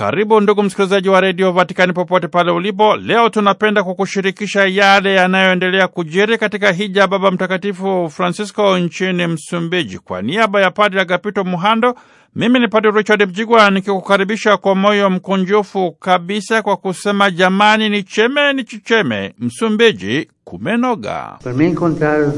Karibu ndugu msikilizaji wa redio Vatikani popote pale ulipo. Leo tunapenda kukushirikisha yale yanayoendelea kujiri katika hija Baba Mtakatifu Francisco nchini Msumbiji. Kwa niaba ya Padre Agapito Muhando, mimi ni Padre Richard Mjigwa nikikukaribisha kwa moyo mkunjufu kabisa kwa kusema jamani, ni cheme ni chicheme, Msumbiji kumenoga. per me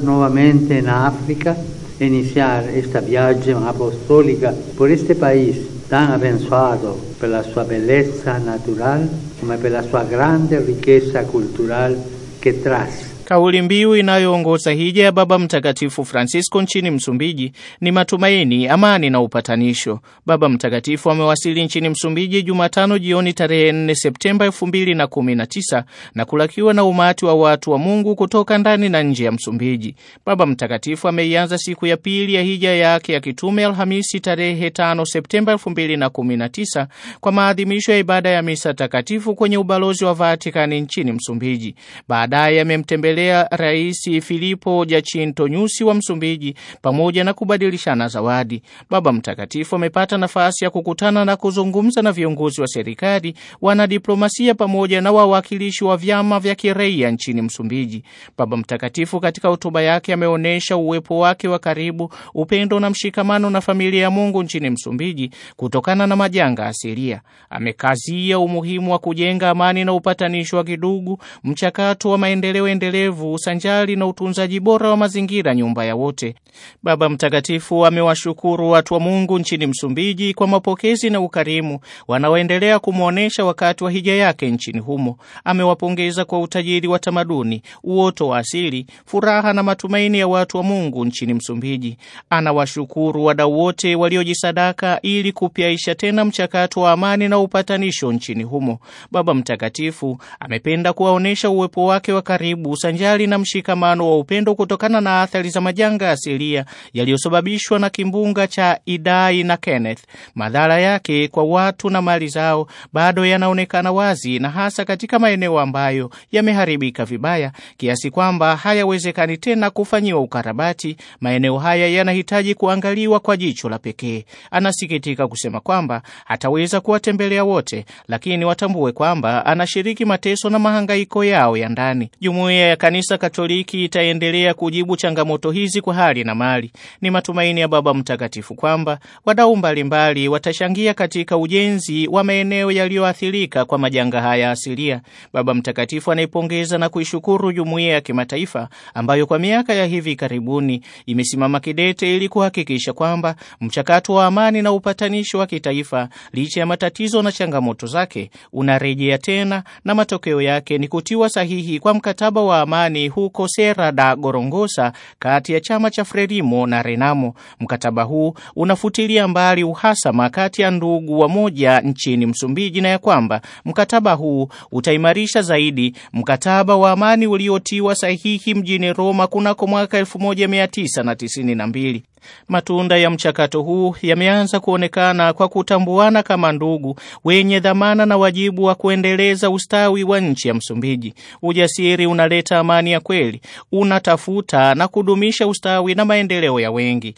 novamente in africa e iniziare esta viaggio apostolica por este pais tan abençoado por la su belleza natural como por la su grande riqueza cultural que trae Kauli mbiu inayoongoza hija ya Baba Mtakatifu Francisco nchini Msumbiji ni matumaini, amani na upatanisho. Baba Mtakatifu amewasili nchini Msumbiji Jumatano jioni tarehe 4 Septemba 2019 na kulakiwa na umati wa watu wa Mungu kutoka ndani na nje ya Msumbiji. Baba Mtakatifu ameianza siku ya pili ya hija yake ya kitume Alhamisi tarehe 5 Septemba 2019 kwa maadhimisho ya ibada ya misa takatifu kwenye ubalozi wa Vatikani nchini Msumbiji. Baadaye amemtembelea kumtembelea Rais Filipo Jacinto Nyusi wa Msumbiji pamoja na kubadilishana zawadi. Baba Mtakatifu amepata nafasi ya kukutana na kuzungumza na viongozi wa serikali, wanadiplomasia pamoja na wawakilishi wa vyama vya kiraia nchini Msumbiji. Baba Mtakatifu katika hotuba yake ameonyesha uwepo wake wa karibu, upendo na mshikamano na familia ya Mungu nchini Msumbiji kutokana na majanga asilia. Amekazia umuhimu wa kujenga amani na upatanishi wa kidugu, mchakato wa maendeleo endelevu endelevu sanjari na utunzaji bora wa mazingira, nyumba ya wote. Baba Mtakatifu amewashukuru watu wa Mungu nchini Msumbiji kwa mapokezi na ukarimu wanaoendelea kumwonyesha wakati wa hija yake nchini humo. Amewapongeza kwa utajiri wa tamaduni, uoto wa asili, furaha na matumaini ya watu wa Mungu nchini Msumbiji. Anawashukuru wadau wote waliojisadaka ili kupyaisha tena mchakato wa amani na upatanisho nchini humo. Baba Mtakatifu amependa kuwaonyesha uwepo wake wa karibu sanjari na mshikamano wa upendo kutokana na athari za majanga asilia yaliyosababishwa na kimbunga cha Idai na Kenneth. Madhara yake kwa watu na mali zao bado yanaonekana wazi na hasa katika maeneo ambayo yameharibika vibaya kiasi kwamba hayawezekani tena kufanyiwa ukarabati. Maeneo haya yanahitaji kuangaliwa kwa jicho la pekee. Anasikitika kusema kwamba hataweza kuwatembelea wote, lakini watambue kwamba anashiriki mateso na mahangaiko yao ya ndani. Jumuiya ya Kanisa Katoliki itaendelea kujibu changamoto hizi kwa hali na mali. Ni matumaini ya Baba Mtakatifu kwamba wadau mbalimbali watashangia katika ujenzi wa maeneo yaliyoathirika kwa majanga haya asilia. Baba Mtakatifu anaipongeza na kuishukuru jumuiya ya kimataifa ambayo kwa miaka ya hivi karibuni imesimama kidete ili kuhakikisha kwamba mchakato wa amani na upatanishi wa kitaifa, licha ya matatizo na changamoto zake, unarejea tena na matokeo yake ni kutiwa sahihi kwa mkataba wa amani huko Sera da Gorongosa kati ya chama cha Frelimo na Renamo. Mkataba huu unafutilia mbali uhasama kati ya ndugu wa moja nchini Msumbiji na ya kwamba mkataba huu utaimarisha zaidi mkataba wa amani uliotiwa sahihi mjini Roma kunako mwaka 1992. Matunda ya mchakato huu yameanza kuonekana kwa kutambuana kama ndugu wenye dhamana na wajibu wa kuendeleza ustawi wa nchi ya Msumbiji. Ujasiri unaleta amani ya kweli, unatafuta na kudumisha ustawi na maendeleo ya wengi.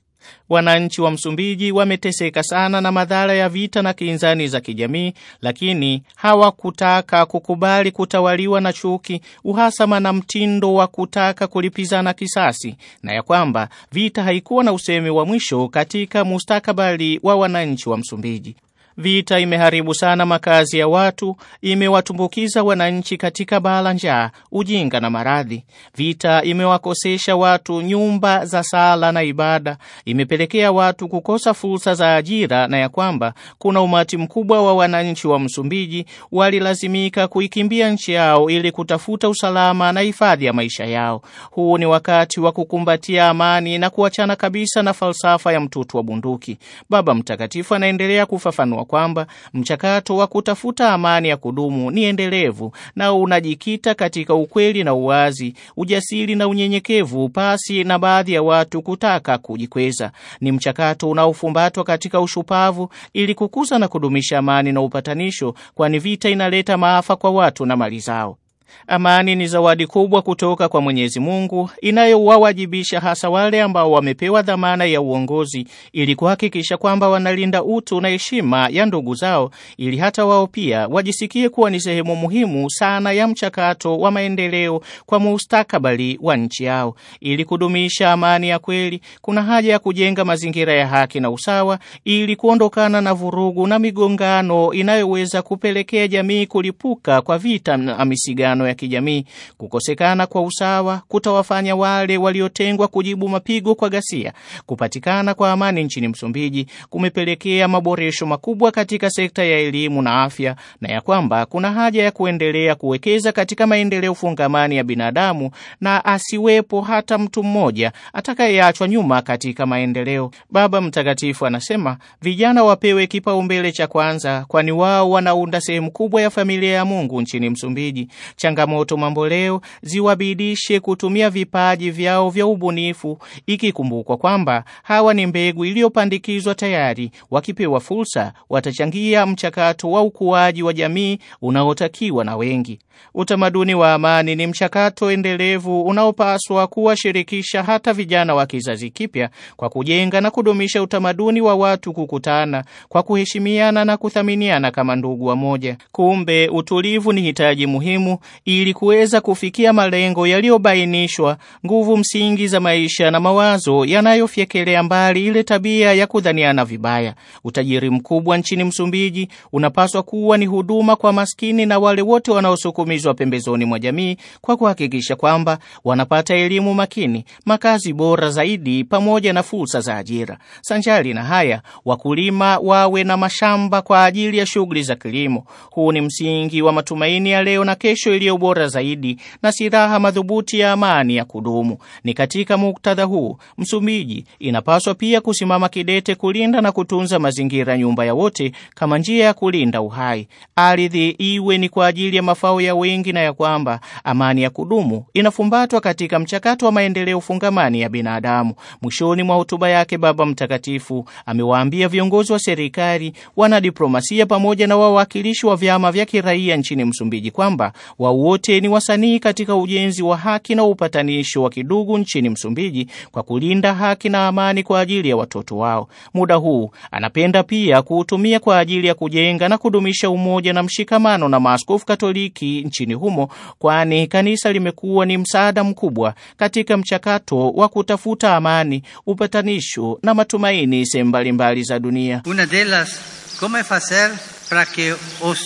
Wananchi wa Msumbiji wameteseka sana na madhara ya vita na kinzani za kijamii, lakini hawakutaka kukubali kutawaliwa na chuki, uhasama na mtindo wa kutaka kulipizana kisasi, na ya kwamba vita haikuwa na usemi wa mwisho katika mustakabali wa wananchi wa Msumbiji. Vita imeharibu sana makazi ya watu, imewatumbukiza wananchi katika balaa njaa, ujinga na maradhi. Vita imewakosesha watu nyumba za sala na ibada, imepelekea watu kukosa fursa za ajira, na ya kwamba kuna umati mkubwa wa wananchi wa Msumbiji walilazimika kuikimbia nchi yao ili kutafuta usalama na hifadhi ya maisha yao. Huu ni wakati wa kukumbatia amani na kuachana kabisa na falsafa ya mtutu wa bunduki. Baba Mtakatifu anaendelea kufafanua kwamba mchakato wa kutafuta amani ya kudumu ni endelevu na unajikita katika ukweli na uwazi, ujasiri na unyenyekevu, pasi na baadhi ya watu kutaka kujikweza. Ni mchakato unaofumbatwa katika ushupavu ili kukuza na kudumisha amani na upatanisho, kwani vita inaleta maafa kwa watu na mali zao. Amani ni zawadi kubwa kutoka kwa Mwenyezi Mungu inayowawajibisha hasa wale ambao wamepewa dhamana ya uongozi ili kuhakikisha kwamba wanalinda utu na heshima ya ndugu zao ili hata wao pia wajisikie kuwa ni sehemu muhimu sana ya mchakato wa maendeleo kwa mustakabali wa nchi yao. Ili kudumisha amani ya kweli, kuna haja ya kujenga mazingira ya haki na usawa ili kuondokana na vurugu na migongano inayoweza kupelekea jamii kulipuka kwa vita na misigano mapambano ya kijamii, kukosekana kwa usawa kutawafanya wale waliotengwa kujibu mapigo kwa ghasia. Kupatikana kwa amani nchini Msumbiji kumepelekea maboresho makubwa katika sekta ya elimu na afya, na ya kwamba kuna haja ya kuendelea kuwekeza katika maendeleo fungamani ya binadamu na asiwepo hata mtu mmoja atakayeachwa nyuma katika maendeleo. Baba Mtakatifu anasema vijana wapewe kipaumbele cha kwanza, kwani wao wanaunda sehemu kubwa ya familia ya Mungu nchini Msumbiji changamoto mamboleo ziwabidishe kutumia vipaji vyao vya ubunifu, ikikumbukwa kwamba hawa ni mbegu iliyopandikizwa tayari. Wakipewa fursa, watachangia mchakato wa ukuaji wa jamii unaotakiwa na wengi. Utamaduni wa amani ni mchakato endelevu unaopaswa kuwashirikisha hata vijana wa kizazi kipya, kwa kujenga na kudumisha utamaduni wa watu kukutana kwa kuheshimiana na kuthaminiana kama ndugu wa moja. Kumbe utulivu ni hitaji muhimu ili kuweza kufikia malengo yaliyobainishwa, nguvu msingi za maisha na mawazo yanayofyekelea mbali ile tabia ya kudhaniana vibaya. Utajiri mkubwa nchini Msumbiji unapaswa kuwa ni huduma kwa maskini na wale wote wanaosukumizwa pembezoni mwa jamii kwa kuhakikisha kwamba wanapata elimu makini, makazi bora zaidi, pamoja na fursa za ajira. Sanjari na haya, wakulima wawe na mashamba kwa ajili ya shughuli za kilimo. Huu ni msingi wa matumaini ya leo na kesho iliyo bora zaidi na silaha madhubuti ya amani ya kudumu. Ni katika muktadha huu, Msumbiji inapaswa pia kusimama kidete kulinda na kutunza mazingira, nyumba ya wote, kama njia ya kulinda uhai. Ardhi iwe ni kwa ajili ya mafao ya wengi, na ya kwamba amani ya kudumu inafumbatwa katika mchakato wa maendeleo fungamani ya binadamu. Mwishoni mwa hotuba yake, Baba Mtakatifu amewaambia viongozi wa serikali, wanadiplomasia, pamoja na wawakilishi wa vyama vya kiraia nchini Msumbiji kwamba wa wote ni wasanii katika ujenzi wa haki na upatanisho wa kidugu nchini Msumbiji kwa kulinda haki na amani kwa ajili ya watoto wao. Muda huu anapenda pia kuutumia kwa ajili ya kujenga na kudumisha umoja na mshikamano na maaskofu Katoliki nchini humo, kwani kanisa limekuwa ni msaada mkubwa katika mchakato wa kutafuta amani, upatanisho na matumaini sehemu mbalimbali za dunia. Una delas, como facer para que os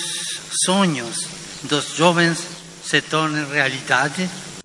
sonhos dos jovens se torna in realtà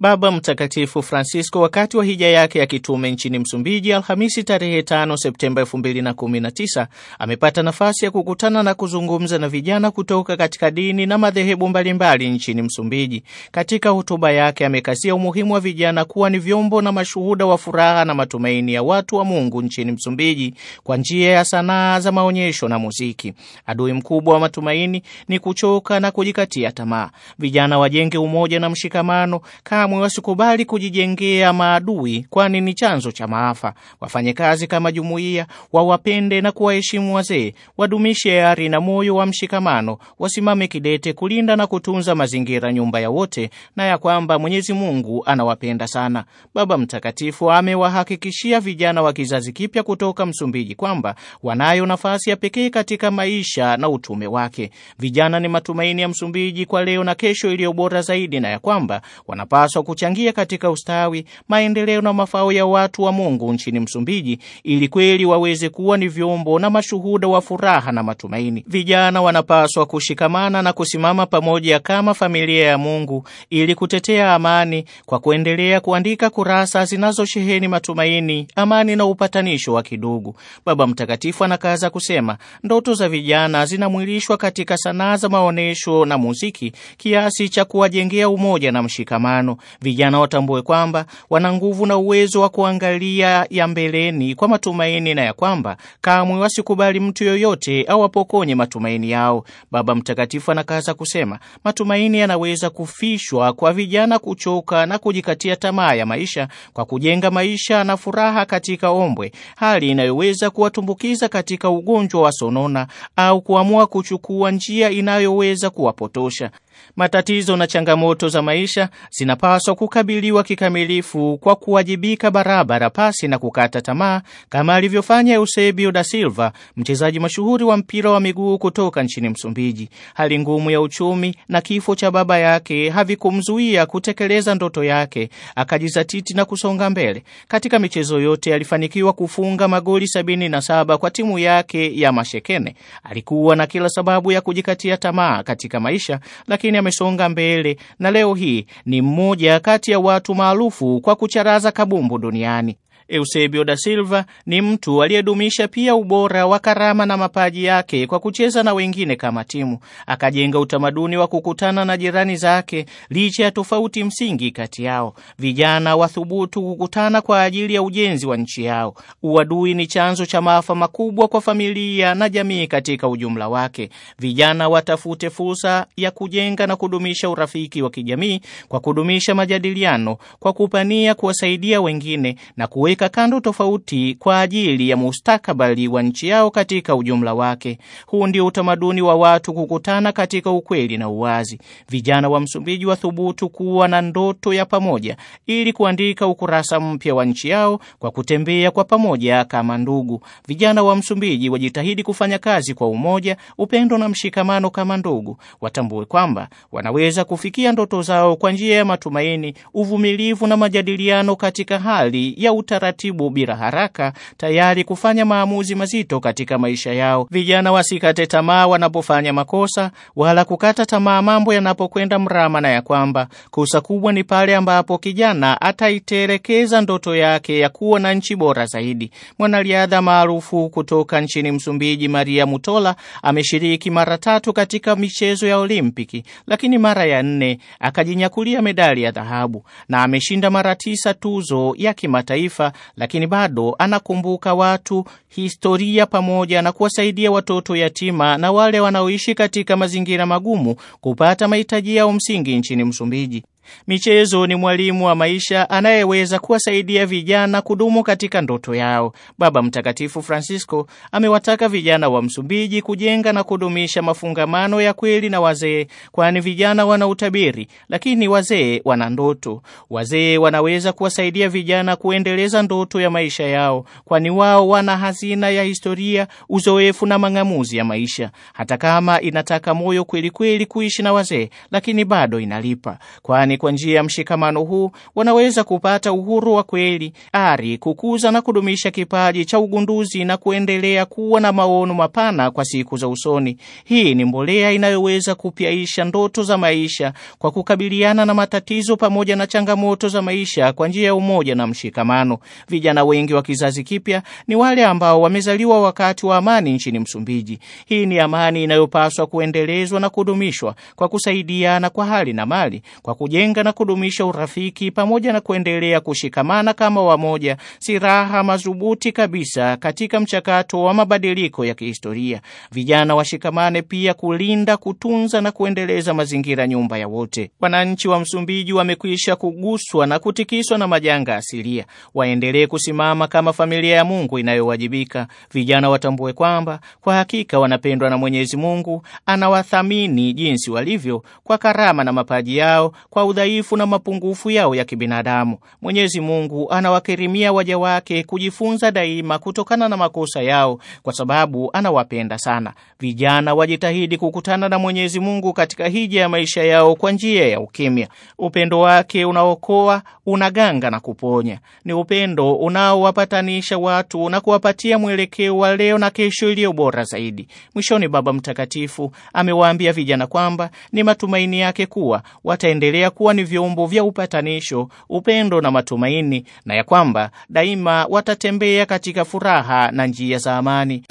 Baba Mtakatifu Francisco wakati wa hija yake ya kitume nchini Msumbiji Alhamisi tarehe 5 Septemba 2019 amepata nafasi ya kukutana na kuzungumza na vijana kutoka katika dini na madhehebu mbalimbali nchini Msumbiji. Katika hotuba yake amekasia umuhimu wa vijana kuwa ni vyombo na mashuhuda wa furaha na matumaini ya watu wa Mungu nchini Msumbiji kwa njia ya sanaa za maonyesho na muziki. Adui mkubwa wa matumaini ni kuchoka na kujikatia tamaa. Vijana wajenge umoja na mshikamano kama binadamu wasikubali kujijengea maadui, kwani ni chanzo cha maafa. Wafanye kazi kama jumuiya, wawapende na kuwaheshimu wazee, wadumishe ari na moyo wa mshikamano, wasimame kidete kulinda na kutunza mazingira, nyumba ya wote, na ya kwamba Mwenyezi Mungu anawapenda sana. Baba Mtakatifu amewahakikishia vijana wa kizazi kipya kutoka Msumbiji kwamba wanayo nafasi ya pekee katika maisha na utume wake. Vijana ni matumaini ya Msumbiji kwa leo na kesho iliyo bora zaidi, na ya kwamba wanapaswa inapaswa kuchangia katika ustawi, maendeleo na mafao ya watu wa Mungu nchini Msumbiji ili kweli waweze kuwa ni vyombo na mashuhuda wa furaha na matumaini. Vijana wanapaswa kushikamana na kusimama pamoja kama familia ya Mungu ili kutetea amani kwa kuendelea kuandika kurasa zinazosheheni matumaini, amani na upatanisho wa kidugu. Baba Mtakatifu anakaza kusema, ndoto za vijana zinamwilishwa katika sanaa za maonyesho na muziki kiasi cha kuwajengea umoja na mshikamano. Vijana watambue kwamba wana nguvu na uwezo wa kuangalia ya mbeleni kwa matumaini na ya kwamba kamwe wasikubali mtu yoyote au wapokonye matumaini yao. Baba Mtakatifu anakaza kusema, matumaini yanaweza kufishwa kwa vijana kuchoka na kujikatia tamaa ya maisha kwa kujenga maisha na furaha katika ombwe, hali inayoweza kuwatumbukiza katika ugonjwa wa sonona au kuamua kuchukua njia inayoweza kuwapotosha. Matatizo na changamoto za maisha zinapaswa kukabiliwa kikamilifu kwa kuwajibika barabara pasi na kukata tamaa kama alivyofanya Eusebio da Silva, mchezaji mashuhuri wa mpira wa miguu kutoka nchini Msumbiji. Hali ngumu ya uchumi na kifo cha baba yake havikumzuia kutekeleza ndoto yake, akajizatiti na kusonga mbele. Katika michezo yote alifanikiwa kufunga magoli 77 kwa timu yake ya Mashekene. Alikuwa na kila sababu ya kujikatia tamaa katika maisha, lakini amesonga mbele na leo hii ni mmoja kati ya watu maarufu kwa kucharaza kabumbu duniani. Eusebio da Silva ni mtu aliyedumisha pia ubora wa karama na mapaji yake kwa kucheza na wengine kama timu. Akajenga utamaduni wa kukutana na jirani zake licha ya tofauti msingi kati yao. Vijana wathubutu kukutana kwa ajili ya ujenzi wa nchi yao. Uadui ni chanzo cha maafa makubwa kwa familia na jamii katika ujumla wake. Vijana watafute fursa ya kujenga na kudumisha urafiki wa kijamii kwa kudumisha majadiliano, kwa kupania kuwasaidia wengine na kuwe kuweka kando tofauti kwa ajili ya mustakabali wa nchi yao katika ujumla wake. Huu ndio utamaduni wa watu kukutana katika ukweli na uwazi. Vijana wa Msumbiji wathubutu kuwa na ndoto ya pamoja ili kuandika ukurasa mpya wa nchi yao kwa kutembea kwa pamoja kama ndugu. Vijana wa Msumbiji wajitahidi kufanya kazi kwa umoja, upendo na mshikamano kama ndugu. Watambue kwamba wanaweza kufikia ndoto zao kwa njia ya matumaini, uvumilivu na majadiliano katika hali ya utara taratibu bila haraka, tayari kufanya maamuzi mazito katika maisha yao. Vijana wasikate tamaa wanapofanya makosa, wala kukata tamaa mambo yanapokwenda mrama, na ya kwamba kosa kubwa ni pale ambapo kijana ataiterekeza ndoto yake ya kuwa na nchi bora zaidi. Mwanariadha maarufu kutoka nchini Msumbiji, Maria Mutola ameshiriki mara tatu katika michezo ya Olimpiki, lakini mara ya nne akajinyakulia medali ya dhahabu na ameshinda mara tisa tuzo ya kimataifa lakini bado anakumbuka watu, historia, pamoja na kuwasaidia watoto yatima na wale wanaoishi katika mazingira magumu kupata mahitaji yao msingi nchini Msumbiji. Michezo ni mwalimu wa maisha anayeweza kuwasaidia vijana kudumu katika ndoto yao. Baba Mtakatifu Francisco amewataka vijana wa Msumbiji kujenga na kudumisha mafungamano ya kweli na wazee, kwani vijana wana utabiri, lakini wazee wana ndoto. Wazee wanaweza kuwasaidia vijana kuendeleza ndoto ya maisha yao, kwani wao wana hazina ya historia, uzoefu na mang'amuzi ya maisha. Hata kama inataka moyo kwelikweli kuishi na wazee, lakini bado inalipa kwani lakini kwa njia ya mshikamano huu wanaweza kupata uhuru wa kweli, ari, kukuza na kudumisha kipaji cha ugunduzi na kuendelea kuwa na maono mapana kwa siku za usoni. Hii ni mbolea inayoweza kupyaisha ndoto za maisha kwa kukabiliana na matatizo pamoja na changamoto za maisha kwa njia ya umoja na mshikamano. Vijana wengi wa kizazi kipya ni wale ambao wamezaliwa wakati wa amani nchini Msumbiji. Hii ni amani inayopaswa kuendelezwa na kudumishwa kwa kusaidiana kwa hali na mali, kwa kujenga kujenga na kudumisha urafiki pamoja na kuendelea kushikamana kama wamoja, silaha madhubuti kabisa katika mchakato wa mabadiliko ya kihistoria. Vijana washikamane pia kulinda, kutunza na kuendeleza mazingira, nyumba ya wote. Wananchi wa Msumbiji wamekwisha kuguswa na kutikiswa na majanga asilia, waendelee kusimama kama familia ya Mungu inayowajibika. Vijana watambue kwamba kwa hakika wanapendwa na Mwenyezi Mungu, anawathamini jinsi walivyo kwa karama na mapaji yao kwa udhaifu na mapungufu yao ya kibinadamu. Mwenyezi Mungu anawakirimia waja wake kujifunza daima kutokana na makosa yao, kwa sababu anawapenda sana. Vijana wajitahidi kukutana na Mwenyezi Mungu katika hija ya maisha yao kwa njia ya ukimya. Upendo wake unaokoa, unaganga na kuponya. Ni upendo unaowapatanisha watu na kuwapatia mwelekeo wa leo na kesho iliyo bora zaidi. Mwishoni, Baba Mtakatifu amewaambia vijana kwamba ni matumaini yake kuwa wataendelea ku kuwa ni vyombo vya upatanisho, upendo na matumaini, na ya kwamba daima watatembea katika furaha na njia za amani.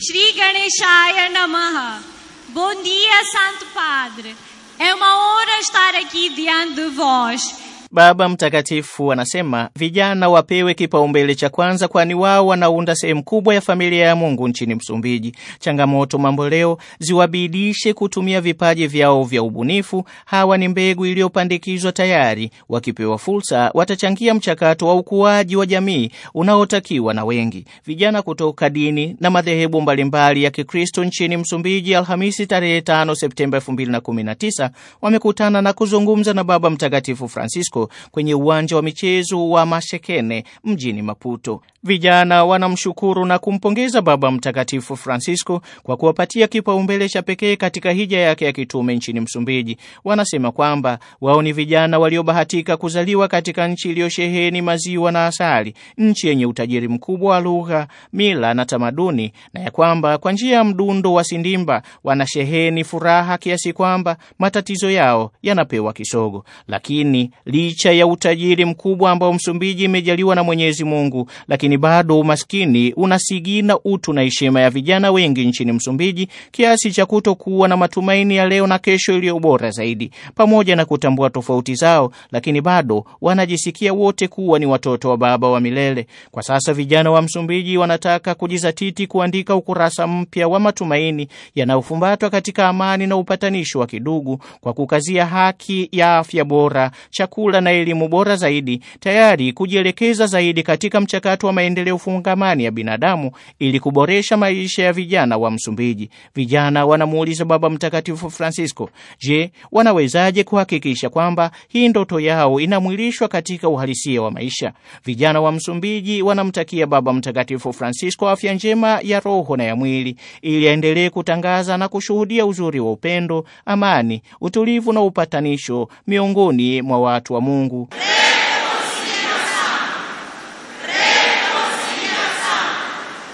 Shri Ganeshaya Namaha. Bom dia, Santo Padre. É uma honra estar aqui diante de vós. Baba Mtakatifu anasema vijana wapewe kipaumbele cha kwanza, kwani wao wanaunda sehemu kubwa ya familia ya Mungu nchini Msumbiji. Changamoto mamboleo ziwabidishe kutumia vipaji vyao vya ubunifu. Hawa ni mbegu iliyopandikizwa tayari, wakipewa fursa watachangia mchakato wa ukuaji wa jamii unaotakiwa na wengi. Vijana kutoka dini na madhehebu mbalimbali ya Kikristo nchini Msumbiji Alhamisi tarehe 5 Septemba 2019 wamekutana na kuzungumza na Baba Mtakatifu Francisco kwenye uwanja wa michezo wa mashekene mjini Maputo. Vijana wanamshukuru na kumpongeza Baba Mtakatifu Francisco kwa kuwapatia kipaumbele cha pekee katika hija yake ya kitume nchini Msumbiji. Wanasema kwamba wao ni vijana waliobahatika kuzaliwa katika nchi iliyosheheni maziwa na asali, nchi yenye utajiri mkubwa wa lugha, mila na tamaduni, na ya kwamba kwa njia ya mdundo wa sindimba wanasheheni furaha kiasi kwamba matatizo yao yanapewa kisogo. Lakini licha ya utajiri mkubwa ambao Msumbiji imejaliwa na Mwenyezi Mungu, lakini bado umaskini unasigina utu na heshima ya vijana wengi nchini Msumbiji kiasi cha kutokuwa na matumaini ya leo na kesho iliyo bora zaidi. Pamoja na kutambua tofauti zao, lakini bado wanajisikia wote kuwa ni watoto wa baba wa milele. Kwa sasa vijana wa Msumbiji wanataka kujizatiti kuandika ukurasa mpya wa matumaini yanayofumbatwa katika amani na upatanisho wa kidugu kwa kukazia haki ya afya bora, chakula chakula na elimu bora zaidi, tayari kujielekeza zaidi katika mchakato wa maendeleo fungamani ya binadamu ili kuboresha maisha ya vijana wa Msumbiji. Vijana wanamuuliza Baba Mtakatifu Francisco, je, wanawezaje kuhakikisha kwamba hii ndoto yao inamwilishwa katika uhalisia wa maisha? Vijana wa Msumbiji wanamtakia Baba Mtakatifu Francisco afya njema ya roho na ya mwili ili aendelee kutangaza na kushuhudia uzuri wa upendo, amani, utulivu na upatanisho miongoni mwa watu wa Mungu.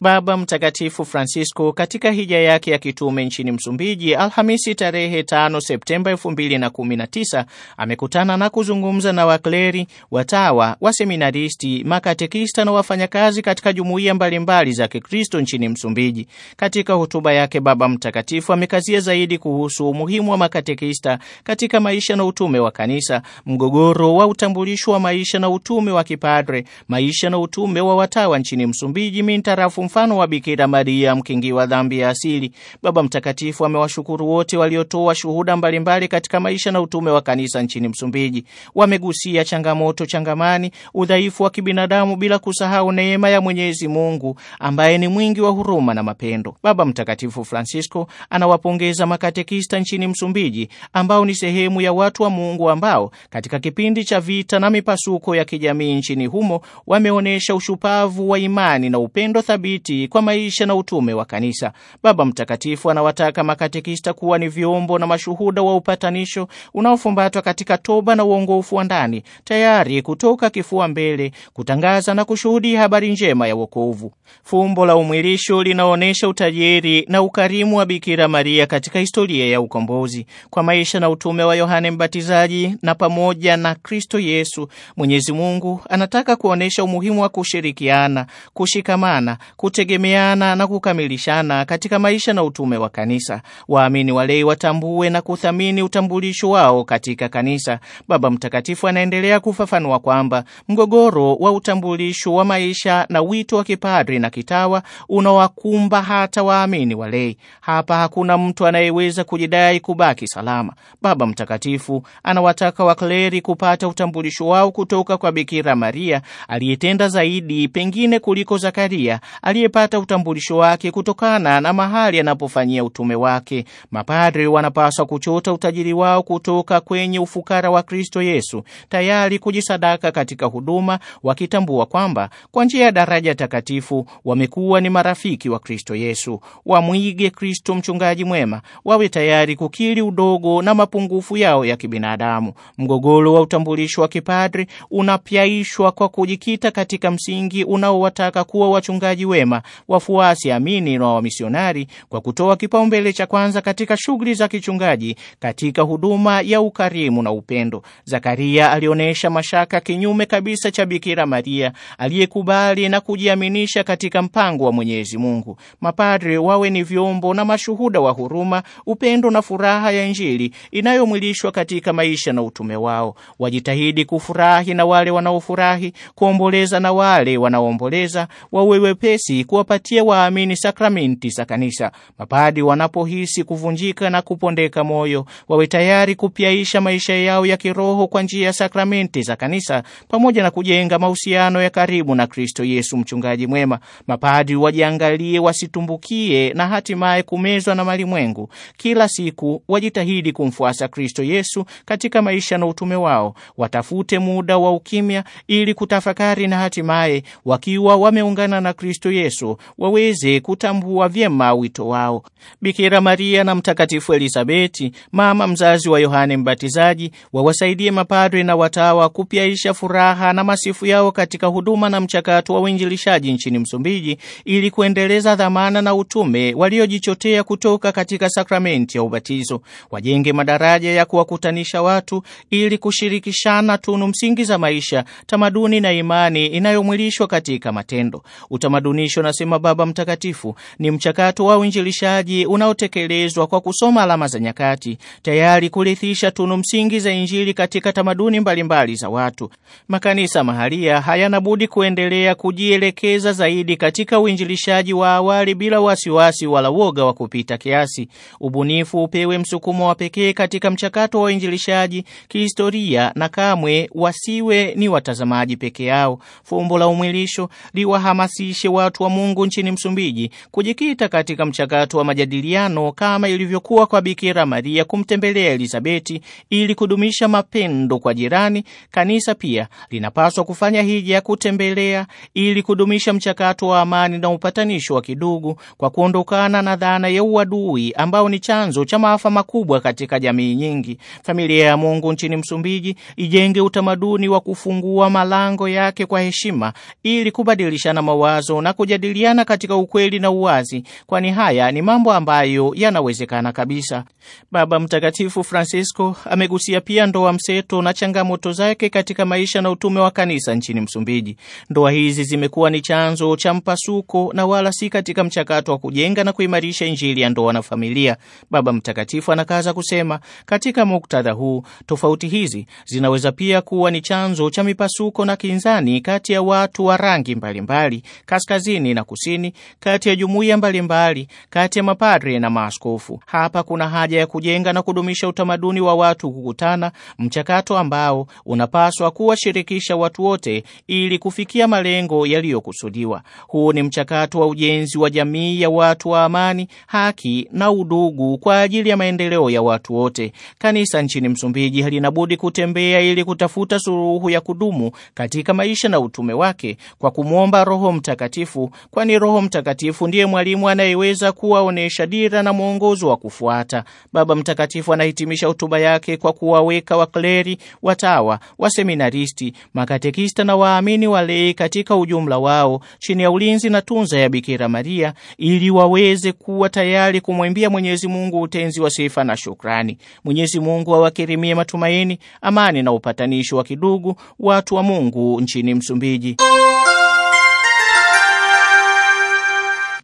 Baba Mtakatifu Francisco katika hija yake ya kitume nchini Msumbiji Alhamisi tarehe 5 Septemba 2019 amekutana na kuzungumza na wakleri, watawa, waseminaristi, makatekista na wafanyakazi katika jumuiya mbalimbali za Kikristo nchini Msumbiji. Katika hotuba yake, Baba Mtakatifu amekazia zaidi kuhusu umuhimu wa makatekista katika maisha na utume wa kanisa, mgogoro wa utambulisho wa maisha na utume wa kipadre, maisha na utume wa watawa nchini Msumbiji mintarafu mfano wa Bikira Maria mkingi wa dhambi ya asili, Baba Mtakatifu amewashukuru wote waliotoa shuhuda mbalimbali katika maisha na utume wa kanisa nchini Msumbiji. Wamegusia changamoto changamani, udhaifu wa kibinadamu, bila kusahau neema ya Mwenyezi Mungu ambaye ni mwingi wa huruma na mapendo. Baba Mtakatifu Francisco anawapongeza makatekista nchini Msumbiji ambao ni sehemu ya watu wa Mungu ambao katika kipindi cha vita na mipasuko ya kijamii nchini humo wameonyesha ushupavu wa imani na upendo thabiti thabiti kwa maisha na utume wa kanisa. Baba Mtakatifu anawataka makatekista kuwa ni vyombo na mashuhuda wa upatanisho unaofumbatwa katika toba na uongofu wa ndani, tayari kutoka kifua mbele kutangaza na kushuhudia habari njema ya wokovu. Fumbo la umwilisho linaonyesha utajiri na ukarimu wa Bikira Maria katika historia ya ukombozi. Kwa maisha na utume wa Yohane Mbatizaji na pamoja na Kristo Yesu, Mwenyezi Mungu anataka kuonyesha umuhimu wa kushirikiana, kushikamana, kutu kutegemeana na kukamilishana katika maisha na utume wa kanisa. Waamini walei watambue na kuthamini utambulisho wao katika kanisa. Baba Mtakatifu anaendelea kufafanua kwamba mgogoro wa utambulisho wa maisha na wito wa kipadri na kitawa unawakumba hata waamini walei. Hapa hakuna mtu anayeweza kujidai kubaki salama. Baba Mtakatifu anawataka wakleri kupata utambulisho wao kutoka kwa Bikira Maria aliyetenda zaidi pengine kuliko Zakaria ali aliyepata utambulisho wake kutokana na mahali anapofanyia utume wake. Mapadri wanapaswa kuchota utajiri wao kutoka kwenye ufukara wa Kristo Yesu, tayari kujisadaka katika huduma, wakitambua kwamba kwa njia ya daraja takatifu wamekuwa ni marafiki wa Kristo Yesu. Wamwige Kristo mchungaji mwema, wawe tayari kukiri udogo na mapungufu yao ya kibinadamu. Mgogoro wa utambulisho wa kipadri unapyaishwa kwa kujikita katika msingi unaowataka kuwa wachungaji wema vyema wafuasi amini na wamisionari kwa kutoa kipaumbele cha kwanza katika shughuli za kichungaji katika huduma ya ukarimu na upendo. Zakaria alionyesha mashaka kinyume kabisa cha Bikira Maria aliyekubali na kujiaminisha katika mpango wa Mwenyezi Mungu. Mapadre wawe ni vyombo na mashuhuda wa huruma, upendo na furaha ya Injili inayomwilishwa katika maisha na utume wao. Wajitahidi kufurahi na wale wanaofurahi, kuomboleza na wale wanaoomboleza, wawe wepesi nafasi kuwapatia waamini sakramenti za kanisa. Mapadi wanapohisi kuvunjika na kupondeka moyo, wawe tayari kupyaisha maisha yao ya kiroho kwa njia ya sakramenti za kanisa, pamoja na kujenga mahusiano ya karibu na Kristo Yesu, mchungaji mwema. Mapadi wajiangalie, wasitumbukie na hatimaye kumezwa na malimwengu. Kila siku wajitahidi kumfuasa Kristo Yesu katika maisha na utume wao. Watafute muda wa ukimya ili kutafakari na hatimaye wakiwa wameungana na Kristo Yesu waweze kutambua vyema wito wao. Bikira Maria na Mtakatifu Elisabeti, mama mzazi wa Yohane Mbatizaji, wawasaidie mapadre na watawa kupyaisha furaha na masifu yao katika huduma na mchakato wa uinjilishaji nchini Msumbiji ili kuendeleza dhamana na utume waliojichotea kutoka katika sakramenti ya ubatizo. Wajenge madaraja ya kuwakutanisha watu ili kushirikishana tunu msingi za maisha, tamaduni na imani inayomwilishwa katika matendo. Utamaduni Mafundisho, nasema Baba Mtakatifu, ni mchakato wa uinjilishaji unaotekelezwa kwa kusoma alama za nyakati, tayari kurithisha tunu msingi za Injili katika tamaduni mbalimbali za watu. Makanisa mahalia hayana budi kuendelea kujielekeza zaidi katika uinjilishaji wa awali bila wasiwasi wala woga wa kupita kiasi. Ubunifu upewe msukumo wa pekee katika mchakato wa uinjilishaji kihistoria, na kamwe wasiwe ni watazamaji peke yao. Fumbo la umwilisho liwahamasishe watu watu wa Mungu nchini Msumbiji kujikita katika mchakato wa majadiliano kama ilivyokuwa kwa Bikira Maria kumtembelea Elizabeti ili kudumisha mapendo kwa jirani. Kanisa pia linapaswa kufanya hija ya kutembelea ili kudumisha mchakato wa amani na upatanisho wa kidugu kwa kuondokana na dhana ya uadui ambao ni chanzo cha maafa makubwa katika jamii nyingi. Familia ya Mungu nchini Msumbiji ijenge utamaduni wa kufungua malango yake kwa heshima ili kubadilishana mawazo na kujadiliana katika ukweli na uwazi, kwani haya ni mambo ambayo yanawezekana kabisa. Baba Mtakatifu Francisco amegusia pia ndoa mseto na changamoto zake katika maisha na utume wa kanisa nchini Msumbiji. Ndoa hizi zimekuwa ni chanzo cha mpasuko na wala si katika mchakato wa kujenga na kuimarisha Injili ya ndoa na familia. Baba Mtakatifu anakaza kusema, katika muktadha huu tofauti hizi zinaweza pia kuwa ni chanzo cha mipasuko na kinzani kati ya watu wa rangi mbalimbali mbali, kaskazini kaskazini na kusini, kati ya jumuiya mbalimbali, kati ya mapadre na maaskofu. Hapa kuna haja ya kujenga na kudumisha utamaduni wa watu kukutana, mchakato ambao unapaswa kuwashirikisha watu wote ili kufikia malengo yaliyokusudiwa. Huu ni mchakato wa ujenzi wa jamii ya watu wa amani, haki na udugu kwa ajili ya maendeleo ya watu wote. Kanisa nchini Msumbiji halinabudi kutembea ili kutafuta suluhu ya kudumu katika maisha na utume wake kwa kumwomba Roho Mtakatifu kwani Roho Mtakatifu ndiye mwalimu anayeweza kuwaonyesha dira na mwongozo wa kufuata. Baba Mtakatifu anahitimisha hotuba yake kwa kuwaweka wakleri, watawa, waseminaristi, makatekista na waamini walei katika ujumla wao chini ya ulinzi na tunza ya Bikira Maria ili waweze kuwa tayari kumwimbia Mwenyezi Mungu utenzi wa sifa na shukrani. Mwenyezi Mungu awakirimie matumaini, amani na upatanishi wa kidugu watu wa Mungu nchini Msumbiji.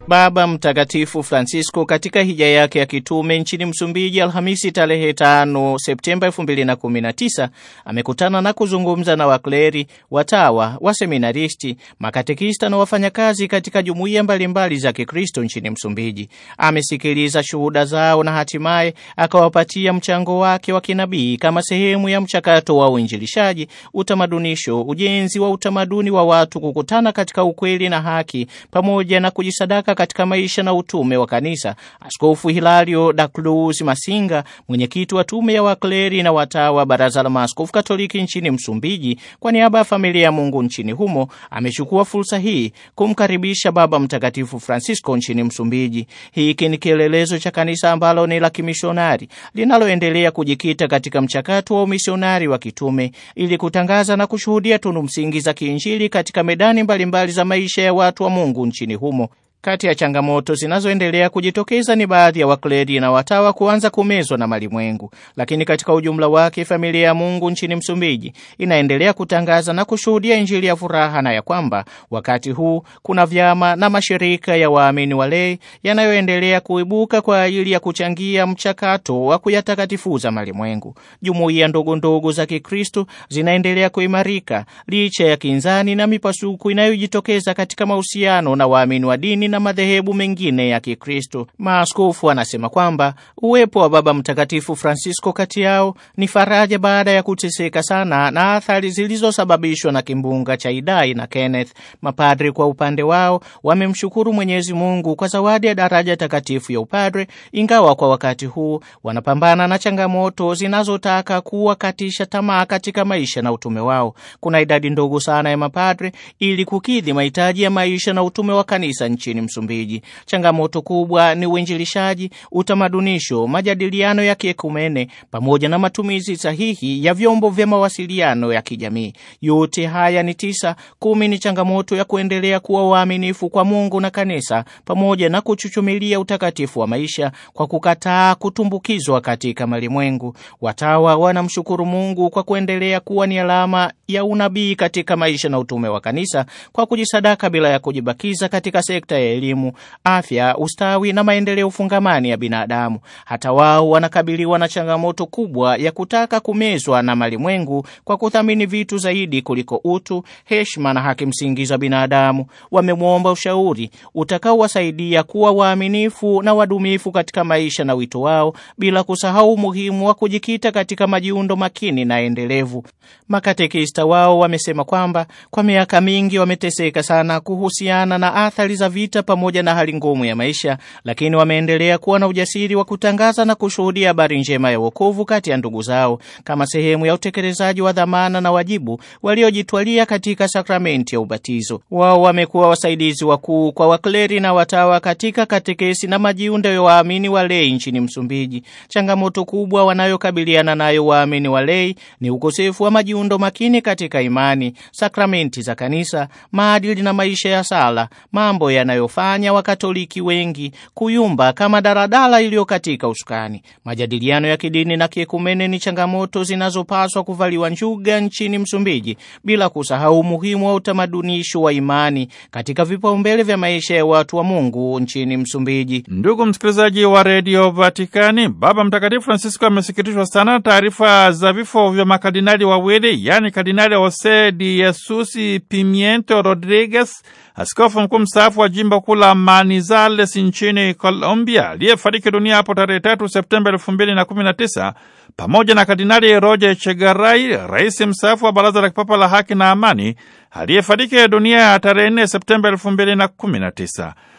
Baba Mtakatifu Francisco katika hija yake ya kitume nchini Msumbiji Alhamisi tarehe 5 Septemba 2019 amekutana na kuzungumza na wakleri, watawa, waseminaristi, makatekista na wafanyakazi katika jumuiya mbalimbali za Kikristo nchini Msumbiji. Amesikiliza shuhuda zao na hatimaye akawapatia mchango wake wa kinabii kama sehemu ya mchakato wa uinjilishaji, utamadunisho, ujenzi wa utamaduni wa watu kukutana katika ukweli na haki pamoja na kujisadaka katika maisha na utume wa kanisa. Askofu Hilario Cruz Masinga, mwenyekiti wa tume ya wakleri na watawa baraza la maaskofu Katoliki nchini Msumbiji, kwa niaba ya familia ya Mungu nchini humo, amechukua fursa hii kumkaribisha Baba Mtakatifu Francisco nchini Msumbiji. Hiki ni kielelezo cha kanisa ambalo ni la kimishonari linaloendelea kujikita katika mchakato wa umisionari wa kitume ili kutangaza na kushuhudia tunu msingi za kiinjili katika medani mbalimbali mbali za maisha ya watu wa Mungu nchini humo. Kati ya changamoto zinazoendelea kujitokeza ni baadhi ya wakledi na watawa kuanza kumezwa na malimwengu, lakini katika ujumla wake familia ya Mungu nchini Msumbiji inaendelea kutangaza na kushuhudia Injili ya furaha na ya kwamba wakati huu kuna vyama na mashirika ya waamini walei yanayoendelea kuibuka kwa ajili ya kuchangia mchakato wa kuyatakatifuza malimwengu. Jumuiya ndogondogo za Kikristo zinaendelea kuimarika licha ya kinzani na mipasuku inayojitokeza katika mahusiano na waamini wa dini na madhehebu mengine ya Kikristo. Maaskofu anasema kwamba uwepo wa Baba Mtakatifu Francisco kati yao ni faraja baada ya kuteseka sana na athari zilizosababishwa na kimbunga cha Idai na Kenneth. Mapadri kwa upande wao wamemshukuru Mwenyezi Mungu kwa zawadi ya daraja takatifu ya upadre, ingawa kwa wakati huu wanapambana na changamoto zinazotaka kuwakatisha tamaa katika maisha na utume wao. Kuna idadi ndogo sana ya mapadre ili kukidhi mahitaji ya maisha na utume wa kanisa nchini Msumbiji. Changamoto kubwa ni uinjilishaji, utamadunisho, majadiliano ya kiekumene pamoja na matumizi sahihi ya vyombo vya mawasiliano ya kijamii. Yote haya ni tisa. Kumi ni changamoto ya kuendelea kuwa waaminifu kwa Mungu na kanisa pamoja na kuchuchumilia utakatifu wa maisha kwa kukataa kutumbukizwa katika malimwengu. Watawa wanamshukuru Mungu kwa kuendelea kuwa ni alama ya unabii katika maisha na utume wa kanisa kwa kujisadaka bila ya kujibakiza katika sekta ya ya elimu, afya, ustawi na maendeleo fungamani ya binadamu. Hata wao wanakabiliwa na changamoto kubwa ya kutaka kumezwa na malimwengu kwa kuthamini vitu zaidi kuliko utu, heshima na haki msingi za binadamu. Wamemwomba ushauri utakaowasaidia kuwa waaminifu na wadumifu katika maisha na wito wao, bila kusahau umuhimu wa kujikita katika majiundo makini na endelevu. Makatekista wao wamesema kwamba kwa miaka mingi wameteseka sana kuhusiana na athari za vita vita pamoja na hali ngumu ya maisha, lakini wameendelea kuwa na ujasiri wa kutangaza na kushuhudia habari njema ya wokovu kati ya ndugu zao kama sehemu ya utekelezaji wa dhamana na wajibu waliojitwalia katika sakramenti ya ubatizo. Wao wamekuwa wasaidizi wakuu kwa wakleri na watawa katika katekesi na majiundo ya waamini walei nchini Msumbiji. Changamoto kubwa wanayokabiliana nayo waamini walei ni ukosefu wa majiundo makini katika imani, sakramenti za kanisa, maadili na maisha ya sala, mambo yanayo iliyofanya Wakatoliki wengi kuyumba kama daradala iliyokatika usukani. Majadiliano ya kidini na kiekumene ni changamoto zinazopaswa kuvaliwa njuga nchini Msumbiji, bila kusahau umuhimu wa utamadunisho wa imani katika vipaumbele vya maisha ya watu wa Mungu nchini Msumbiji. Ndugu msikilizaji wa redio Vatikani, Baba Mtakatifu Francisco amesikitishwa sana taarifa za vifo vya makardinali wawili, yaani Kardinali Jose de Yesusi Pimiento Rodriguez, askofu mkuu mstaafu wa jimbo kula Manizales nchini Colombia aliyefariki dunia hapo tarehe 3 Septemba 2019, pamoja na Kardinali Roger Chegarai, rais mstaafu wa Baraza la Kipapa la Haki na Amani aliyefariki dunia ya tarehe nne Septemba elfu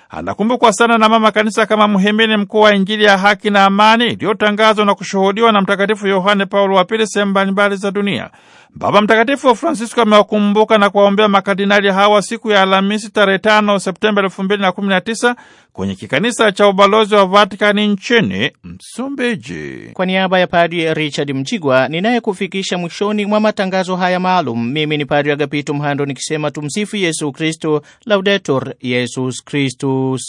Anakumbukwa sana na Mama Kanisa kama mhimili mkuu wa Injili ya haki na amani iliyotangazwa na kushuhudiwa na Mtakatifu Yohane Paulo wa Pili sehemu mbalimbali za dunia. Baba Mtakatifu Francisco amewakumbuka na kuwaombea makardinali hawa siku ya Alhamisi tarehe tano Septemba 2019 kwenye kikanisa cha ubalozi wa Vatikani nchini Msumbiji. Kwa niaba ya Padri Richard Mjigwa ninayekufikisha mwishoni mwa matangazo haya maalum, mimi ni Padri Agapito Mhando nikisema tumsifu Yesu Kristo, Laudetur Yesus Kristus.